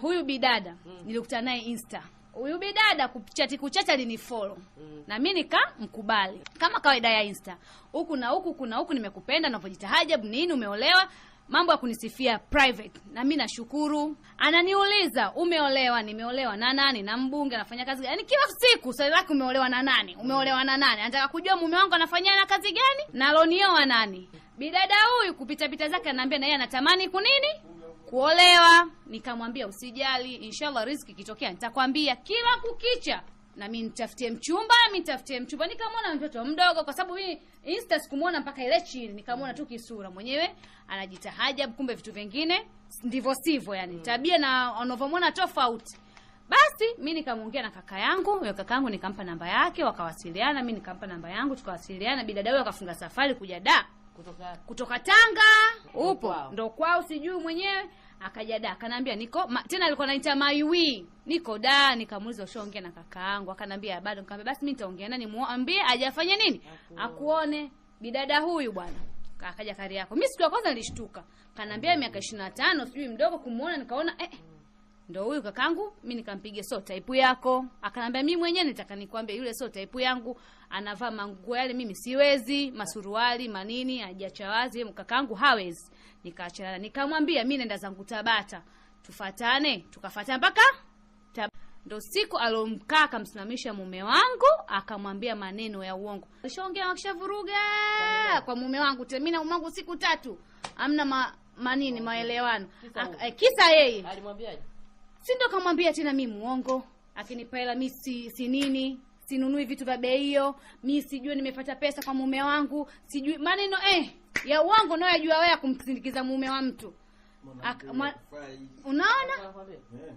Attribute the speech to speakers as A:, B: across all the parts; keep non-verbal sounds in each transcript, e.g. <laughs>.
A: huyu bidada hmm. nilikutana naye Insta huyu bidada kuchati kuchati alinifollow mm. na mimi nika mkubali kama kawaida ya Insta, huku na huku kuna huku, nimekupenda unapojita hajabu nini, umeolewa, mambo ya kunisifia private, na mimi nashukuru. Ananiuliza umeolewa, nimeolewa na nani, na mbunge anafanya kazi gani? Yani kila siku swali lake, umeolewa na nani, hmm. umeolewa na nani. Anataka kujua mume wangu anafanya na kazi gani na alonioa nani. Bidada huyu kupita pita zake, anaambia na yeye anatamani kunini kuolewa. Nikamwambia usijali, inshallah riziki ikitokea nitakwambia. Kila kukicha na mimi nitafutie mchumba, mimi nitafutie mchumba. Nikamwona mtoto mdogo, kwa sababu mimi insta sikumwona mpaka ile chini, nikamwona tu kisura mwenyewe anajitahajabu, kumbe vitu vingine ndivyo sivyo, yani mm. tabia na anavyomwona tofauti. Basi mi nikamwongea na kaka yangu huyo, kaka yangu nikampa namba yake, wakawasiliana. Mi nikampa namba yangu, tukawasiliana, bidada huyo akafunga safari kuja da kutoka, kutoka Tanga upo ndo kwao, sijui mwenyewe akaja da, akaniambia niko ma, tena alikuwa anaita maiwi niko da. Nikamuuliza ushaongea na kakaangu? Akaniambia bado. Nikamwambia basi mimi nitaongea nani muambie ajafanya nini, akuone bidada huyu bwana. Akaja kari yako. Mimi siku ya kwanza nilishtuka, kanaambia miaka 25 sijui mdogo kumuona, nikaona eh ndo huyu kakangu, mi nikampiga, so taipu yako. Akanambia mi mwenyewe nitaka nikwambia, yule so taipu yangu, anavaa manguo yale, mimi siwezi, masuruali manini, ajacha wazi, kakangu hawezi. Nikaachana, nikamwambia mi nenda zangu Tabata, tufatane, Tukafata mpaka ndo siku alomkaa akamsimamisha mume wangu, akamwambia maneno ya uongo, kishaongea wakishavuruga kwa mume wangu tena. Mimi na mume wangu siku tatu amna ma, manini maelewano, eh, kisa yeye alimwambiaje? si ndo kamwambia tena mi muongo, akinipa hela mi si, si nini sinunui vitu vya bei hiyo, mi sijui nimepata pesa kwa mume wangu, sijui maneno eh, ya uongo nayo yajua wewe, kumsindikiza mume wa mtu unaona anifai eh.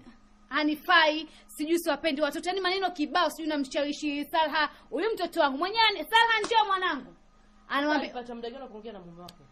A: Hanifai, sijui siwapendi watoto, yani maneno kibao, sijui namshawishi Salha, huyu mtoto wangu mwenyewe. Salha, njoo mwanangu, anamwambia pata kuongea na mume wako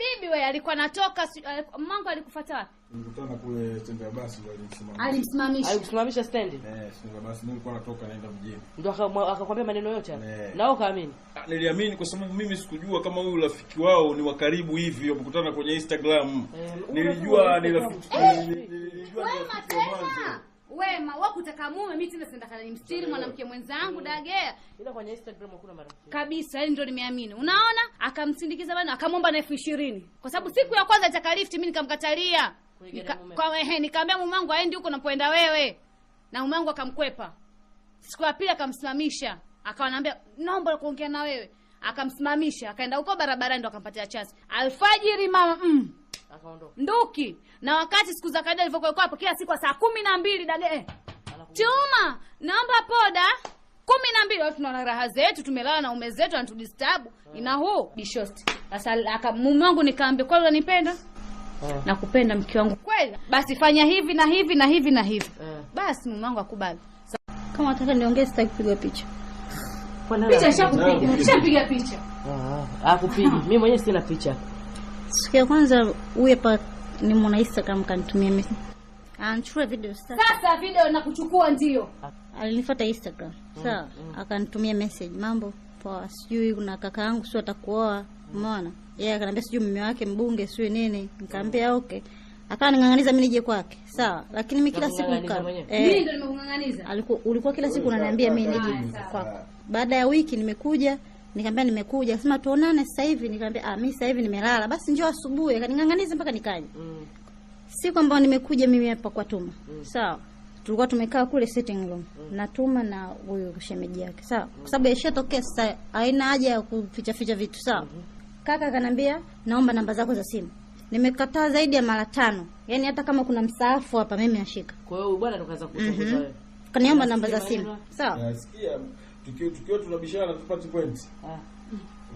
A: bibi wewe alikuwa anatoka eh, mmango alikufuata wapi?
B: Nilikutana kule stendi ya basi ndio alimsimamisha.
A: Alimsimamisha. Alimsimamisha stendi.
B: Eh, stendi ya basi nilikuwa natoka naenda mjini.
C: Ndio akakwambia maneno yote hapo. Eh. Na wewe kaamini?
D: Ah, niliamini kwa sababu mimi sikujua kama huyu rafiki wao ni wa karibu hivi wamekutana kwenye Instagram. Eh, nilijua ni rafiki.
A: Nilijua ni rafiki wema wa kutaka mume, mimi tena sendakana ni mstiri mwanamke mwenzangu mm. dagea.
C: Ila kwenye Instagram hakuna marafiki.
A: Kabisa, hili yaani ndio nimeamini. Unaona? Akamsindikiza bana, akamwomba na elfu ishirini. Kwa sababu siku ya kwanza ataka lift mimi nikamkatalia. Nika, kwa ehe, nikamwambia mume wangu aende huko unapoenda wewe. Na mume wangu akamkwepa. Siku ya pili akamsimamisha. Akawa naomba kuongea na wewe. Akamsimamisha, akaenda huko barabarani ndo akampatia chance. Alfajiri mama mm akaondoka nduki. Na wakati siku za kawaida alivyokuwa hapo, kila siku saa kumi na mbili dage eh. chuma, naomba poda kumi na mbili watu tuna raha zetu, tumelala na ume zetu, anatudistabu ah. ina huu bishost Sasa mume wangu nikaambia, kweli unanipenda? Uh, nakupenda mke wangu kweli, basi fanya hivi na hivi na hivi na hivi. Uh, basi mume wangu akubali.
E: Kama unataka niongee, sitaki kupiga picha.
A: Picha shakupiga, shapiga picha.
C: Ah, ah. akupigi mimi mwenyewe sina picha.
E: Siku ya kwanza huyu hapa ni mwana Instagram kanitumia mimi. Anachukua video sasa.
A: Sasa video nakuchukua ndio.
E: Alinifuata Instagram. Sawa, mm, mm. Akanitumia message mambo poa. Sijui kuna kaka yangu sio atakuoa. Umeona? Yeye yeah, akaniambia sijui mume wake mbunge sio nini. Nikamwambia mm. okay. Akawa ning'ang'aniza mimi nije kwake. Sawa, lakini mimi kila siku nika.
A: Eh. Mimi ndo nimekung'ang'aniza.
E: Alikuwa ulikuwa kila siku unaniambia mimi nije kwako. Baada ya wiki nimekuja Nikamwambia nimekuja, sema tuonane sasa hivi. Nikamwambia ah, mimi sasa hivi nimelala, basi njoo asubuhi. Akaning'ang'aniza mpaka nikaje. mm. siku ambayo nimekuja mimi hapa kwa Tuma mm. sawa So, tulikuwa tumekaa kule sitting room mm. na Tuma na huyo shemeji yake sawa, So, mm. kwa sababu yashatokea sasa, haina haja ya kuficha ficha vitu sawa. So, mm -hmm. Kaka akanambia naomba namba zako za simu, nimekataa zaidi ya mara tano, yani hata kama kuna msaafu hapa mimi nashika.
C: Kwa hiyo bwana tukaanza
E: kuzungumza, mm-hmm. kaniomba namba za simu sawa,
B: nasikia tukiwa tukiwa tunabishana tupati point ah.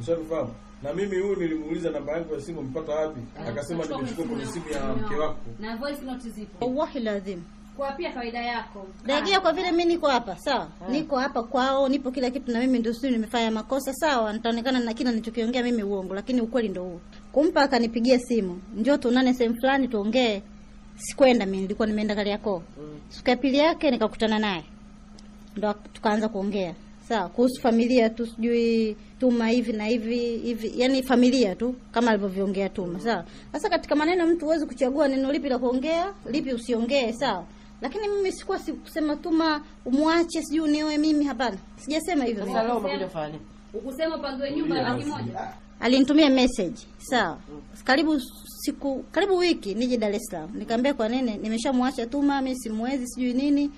B: Mshatufahamu na mimi huyu nilimuuliza namba yangu ya simu mpata wapi? Ah. Akasema nimechukua kwenye simu ya mke wako.
A: Na voice note zipo.
E: Wallahi lazim.
A: Kwa pia faida yako.
E: Dagia ah. kwa vile mimi niko hapa, sawa? Ah. Niko hapa kwao, nipo kila kitu na mimi ndio sio nimefanya makosa, sawa? Nitaonekana na kila nilichokiongea mimi uongo, lakini ukweli ndio huo. Kumpa akanipigia simu. Njoo tuonane sehemu fulani tuongee. Sikwenda mimi, nilikuwa nimeenda Kariakoo. Mm. Siku ya pili yake nikakutana naye. Ndio tukaanza kuongea sawa, kuhusu familia tu, sijui Tuma hivi na hivi hivi, yani familia tu kama alivyoviongea Tuma. Sawa, sasa katika maneno mtu huwezi kuchagua neno lipi la kuongea, lipi usiongee, sawa lakini mimi sikuwa sikusema Tuma umwache sijui nioe mimi, hapana, sijasema hivyo.
C: Sasa leo umekuja kufanya nini?
A: Ukusema panzwe nyumba
E: laki moja. Alinitumia message sawa, mm. karibu siku karibu wiki nije Dar es Salaam, nikamwambia kwa nini nimeshamwacha Tuma, mimi simwezi sijui nini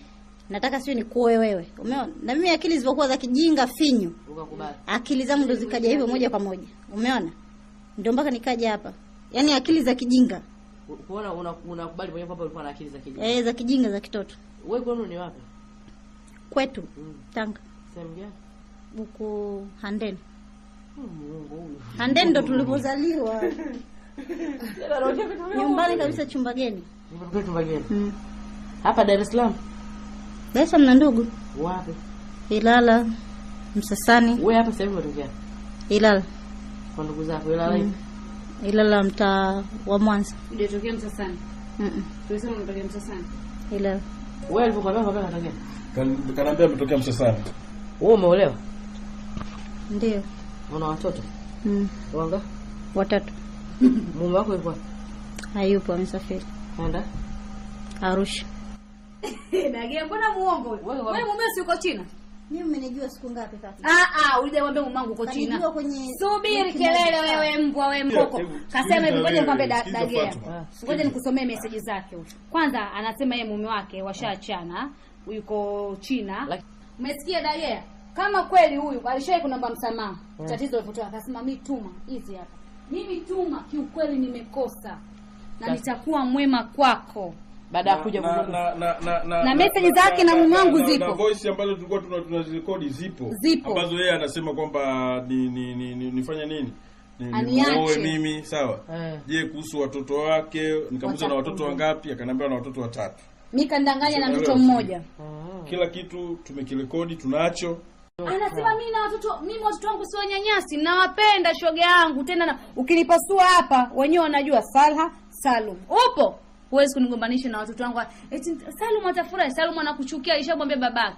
E: nataka siwe nikuoe wewe, umeona? Na mimi akili zilizokuwa za kijinga finyu, akili zangu ndo zikaja hivyo moja kwa moja, umeona? Ndio mpaka nikaja hapa, yaani akili za kijinga.
C: Kuona unakubali mwenyewe kwamba ulikuwa na akili za kijinga?
E: Eh, za kijinga za kitoto.
C: Wewe kwenu ni wapi?
E: Kwetu mm. Tanga. Sehemu gani? Huko Handeni.
C: Hmm,
E: Handeni ndo tulipozaliwa <laughs> nyumbani kabisa, chumba geni.
C: Chumba geni mm. hapa Dar es Salaam.
E: Besa mna ndugu? Wapi? Ilala. Msasani.
C: Wewe hapa sasa hivi unatokea? Ilala. Kwa ndugu zako Ilala hivi.
E: mm. Ilala mtaa wa Mwanza.
A: Unatokea Msasani? Mhm. -mm. Tulisema unatokea Msasani.
E: Ilala.
C: Wewe ulipokwambia kwamba unatokea?
B: kanambia umetokea Msasani.
C: Wewe umeolewa? Ndio. Una watoto? Mhm. Wanga? Watatu. Mume wako yupo?
E: Hayupo, amesafiri. Anda? Arusha.
A: <laughs> Nagia, mbona muongo wewe? Wewe mume si uko China?
E: Mimi mmenijua siku ngapi sasa?
A: Ah ah, ulijamwambia mumangu uko China. Subiri kelele wewe mbwa wewe mboko. Kasema hivi ngoja nikwambie Dagea. Ah, ngoja nikusomee message zake huko. Kwanza anasema yeye mume wake washaachana, yuko China. Umesikia Dagea? Kama kweli huyu alishai kunamba msamaha, mm. tatizo lipotoka akasema mimi tuma hizi hapa. Mimi tuma kiukweli nimekosa na nitakuwa mwema kwako
C: baada ya kuja
F: na,
A: na, message zake na mume wangu zipo na
F: voice ambazo tulikuwa tunazirekodi zipo, zipo ambazo yeye anasema kwamba ni, ni, ni, ni, nifanye nini nioe mimi sawa. Eh. Je, kuhusu watoto wake nikamuza na watoto wangapi? Akaniambia na watoto watatu.
A: Mimi kandanganya na mtoto mmoja.
F: Hmm. Kila kitu tumekirekodi, tunacho
A: Anasema mimi na watoto mimi watoto wangu sio nyanyasi nawapenda shoga yangu tena na, ukinipasua hapa wenyewe wanajua Salha Salum upo Huwezi kunigombanisha na watoto wangu. Eti Salum atafurahi, Salum anakuchukia, alishamwambia babake.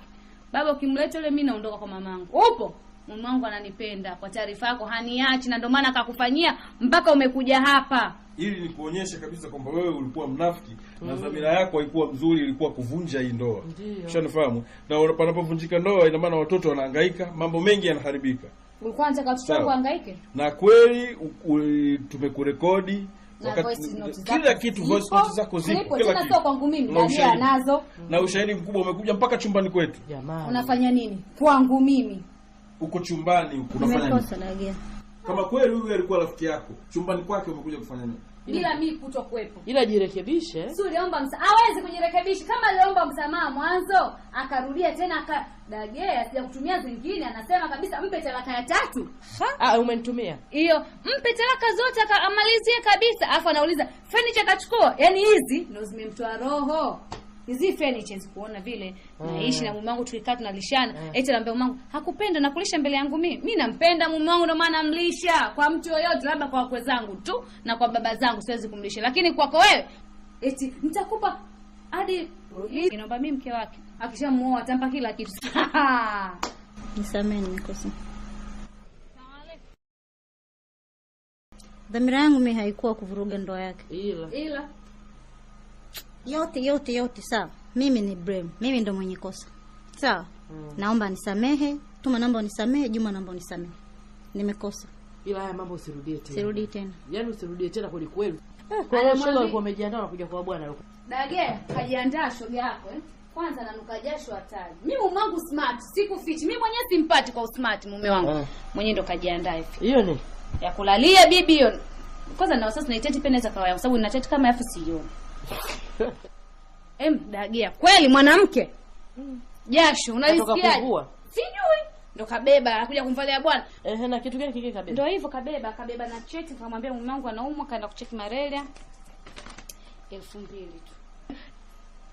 A: Baba ukimleta yule mimi naondoka kwa mamangu. Upo? wangu ananipenda kwa taarifa yako, haniachi na ndio maana akakufanyia mpaka umekuja hapa.
F: Ili nikuonyeshe kabisa kwamba wewe ulikuwa mnafiki mm. na dhamira yako haikuwa mzuri, ilikuwa kuvunja hii ndoa. Ushanifahamu? Na panapovunjika ndoa, ina maana watoto wanahangaika, mambo mengi yanaharibika.
A: Ulikuwa unataka watoto wangu
F: Na kweli tumekurekodi kila kitu,
A: voice note zako zipo, kila kitu sio kwangu mimi, ndio anazo.
F: Na ushahidi mkubwa umekuja mpaka chumbani kwetu.
A: Jamani, unafanya nini kwangu mimi?
F: Uko chumbani
E: unafanya nini?
F: Kama kweli huyu alikuwa rafiki yako, chumbani kwake umekuja kufanya nini?
A: bila mimi kuto
C: ila jirekebishe.
A: Si uliomba msa, Hawezi kujirekebisha. Kama aliomba msamaha mwanzo akarudia tena akadagea, sija kutumia zingine, anasema kabisa mpe talaka ya tatu.
C: Ah, umenitumia
A: hiyo, mpe talaka zote akamalizie kabisa, afa anauliza furniture kachukua. Yaani hizi ndio zimemtoa roho hizi furnitures kuona vile mm. naishi na mume wangu tukikaa tunalishana mm. Ah. eti anambia mume wangu hakupenda nakulisha mbele yangu mimi mimi nampenda mume wangu ndio maana namlisha kwa mtu yoyote labda kwa wakwe zangu tu na kwa baba zangu siwezi kumlisha lakini kwako wewe eti nitakupa hadi inaomba mimi mke wake akishamuoa atampa kila kitu <laughs>
E: nisameni nikosa dhamira yangu mimi haikuwa kuvuruga ndoa yake
C: ila
A: ila
E: yote yote yote, sawa. Mimi ni blame, mimi ndo mwenye kosa, sawa. Mm. Naomba nisamehe, Tuma naomba unisamehe, Juma naomba unisamehe, nimekosa,
C: ila haya mambo usirudie tena, sirudie tena, yani, usirudie tena kweli kweli. Ah, kwa hiyo shoga alikuwa amejiandaa na kuja kwa bwana huko.
A: Dage, kajiandaa shoga yako eh? Kwanza nanuka jasho hatari. Mimi mume wangu smart, sikufichi. Mimi mwenyewe simpati kwa usmart mume wangu. Ah. Mwenyewe ndo kajiandaa hivi. Hiyo ni ya kulalia bibi hiyo. Kwanza na wasasa na iteti pia naweza kwa sababu ina kama afu sioni em dagia kweli mwanamke mm. jasho unalisikia Sijui ndo kabeba anakuja kumvalia bwana.
C: Ehe, na kitu gani kike kabeba?
A: Ndo hivyo kabeba, kabeba na cheti, kamwambia mume wangu anaumwa, kaenda kucheki malaria 2000 tu,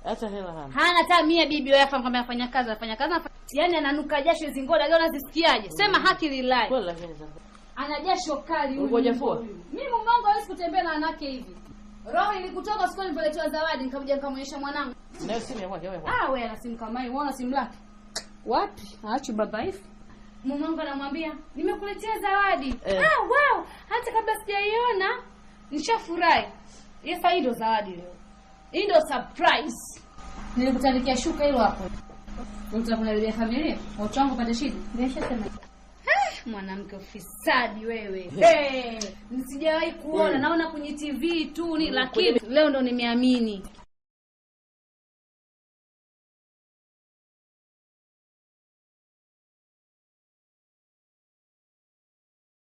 C: hata hela hana,
A: hana hata mia. Bibi wewe yake kama afanya kazi, afanya kazi, yaani ananuka jasho, zingoda leo unazisikiaje? Mm. Sema haki lilai, kweli lakini ana jasho kali huyu. ngoja fua Mimi mume wangu hawezi kutembea na anake hivi Roho nilikutoka sokoni nilipoletewa zawadi nikakuja nikamwonyesha mwanangu.
C: Unayo simu yako wewe?
A: Ah, wewe ana simu kama hiyo. Unaona simu lake?
E: Wapi? Aachi baba hivi.
A: Mumangu anamwambia, "Nimekuletea zawadi." Eh. Ah, wow! Hata kabla sijaiona nishafurahi. Yesa hii ndio zawadi leo. Hii ndio surprise. Nilikutandikia shuka hilo hapo. Unataka Utakunalia familia? Watu wangu pata shida. Nimeshasema mwanamke ufisadi wewe. Hey, eh, msijawahi kuona, eh. naona kwenye TV tu ni, mm, lakini leo ndo nimeamini.